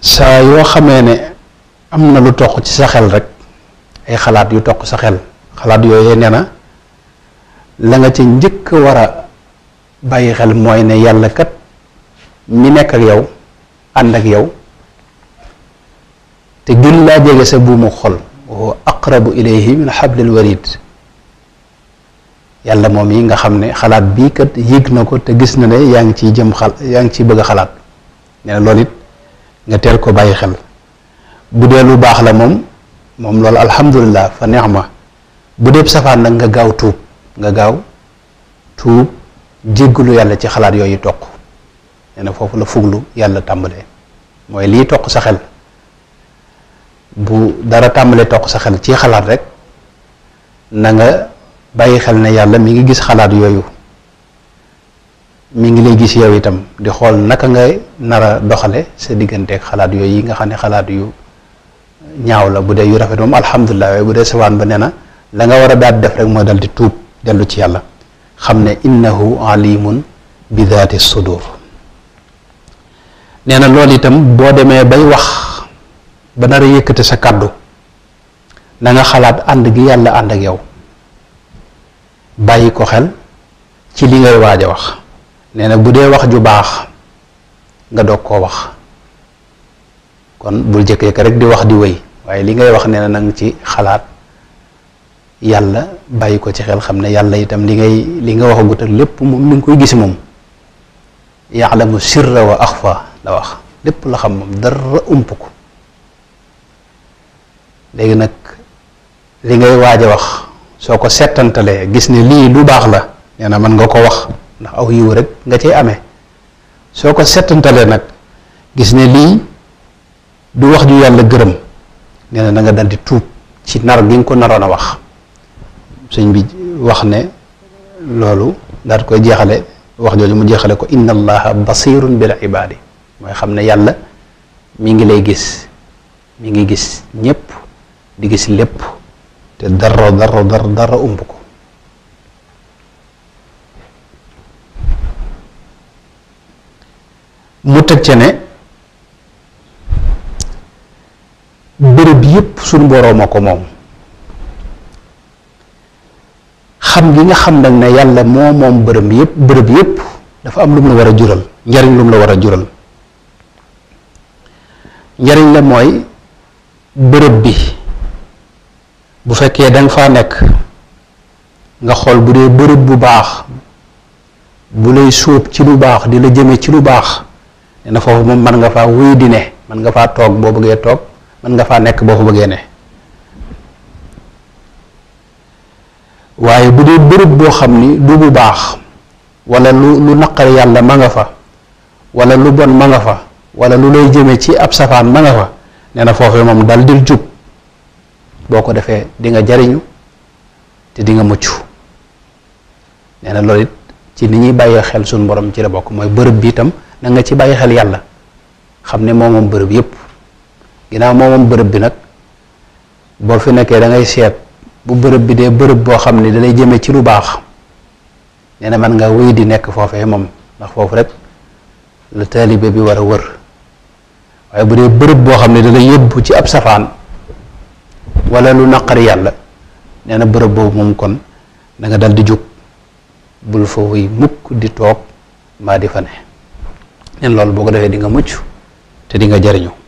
saa yoo xamee ne am na lu toq ci sa xel rek ay xalaat yu toq sa xel xalaat yooyee nee na la nga ci njëkk war a bàyyi xel mooy ne yàlla kat mi nekk ak yow ànd ak yow te gën laa jege sa buumu xol wa aqrabu ilayhi min hablil warid yàlla moom yi nga xam ne xalaat bii kat yëg na ko te gis na ne yaa ngi ciy jëm xal yaa ngi ciy bëgg a xalaat nee na loolu it nga teel ko bàyyi xel bu dee lu baax la moom moom loolu alhamdulilah fa neex ma bu dee safaan nag nga gaaw tuub nga gaaw tuub jéggalu yàlla ci xalaat yooyu toq nee na foofu la fuglu yàlla tàmbalee mooy lii toq sa xel bu dara tàmbalee toq sa xel ci xalaat rek na nga bàyyi xel ne yàlla mi ngi gis xalaat yooyu mi ngi lay gis yow itam di xool naka ngay nara a doxale sa digganteeg xalaat yooyu yi nga xam ne xalaat yu ñaaw la bu dee yu rafet moom alhamdulilah waaye bu dee sawaan ba nee na la nga war a daal def rek mooy dal di tuub dellu ci yàlla xam ne innahu alimun bi daati sudur nee na loolu itam boo demee bay wax ba nar a yëkkate sa kàddu na nga xalaat ànd gi yàlla ànd ak yow bàyyi ko xel ci li ngay waaj a wax nee na bu dee wax ju baax nga doog koo wax kon bul jëkk-jëkk rek di wax di wéy waaye li ngay wax nee na nang ci xalaat yàlla bàyyi ko ci xel xam ne yàlla itam li ngay li nga wax gutal lépp moom mi ngi koy gis moom sirra wa axfa la wax lépp la xam moom dara ump ko léegi nag li ngay waaj a wax soo ko gis ne lii lu baax la nee na nga ko wax ndax aw yiw rek nga cay ame soo ko settantalee nag gis ne lii du wax ju yàlla gërëm nee danga na nga daldi tuub ci nar gi nga ko naroon a wax sëñ bi wax ne loolu daat koy jeexale wax jooju mu jeexale ko inna allaha basirun bil ibadi mooy xam ne yàlla mi ngi lay gis mi ngi gis ñépp di gis lépp te dara dara dara dara umb ko mu teg ca ne bërëb yépp suñu boroom a ko moom xam gi nga xam nag ne yàlla moo moom bërëb yépp bërëb yépp dafa am lu mu la war a jural njariñ lu la war a jural njariñ la mooy bërëb bi bu fekkee danga faa nekk nga xool bu dee bërëb bu baax bu lay sóob ci lu baax di la jëme ci lu baax na fofu mom man nga fa wuy di ne man nga fa tok bo beugé tok man nga fa nek bo fa beugé ne waye budé dee bo xamni du bu baax wala lu lu naqar yalla ma nga fa wala lu bon ma nga fa wala lu lay jëme ci ab safan ma nga fa nee fofu mom dal dil jub boko ko di nga jariñu te di nga muccu nee lolit ci ni ñi bàyyee xel suñu borom ci la bok moy bërëb bi tam na nga ci baye xel yalla xamne ne moo moom bërëb yépp ginnaaw moo moom bi nak bo fi nekké da ngay sét bu bërëb bi dé bërëb bo xam da lay jëmé ci lu baax néna man nga wéy di nekk fofé mom ndax fofu rek le talibé bi wara wër waye bu dé bërëb bo xam da lay yóbbu ci ab safaan wala lu naqari yalla néna na bo mom kon da nga dal di juk bul fa wuy mukk di tok ma di fa ne ñun loolu boo ko defee di nga mucc te di nga jariñu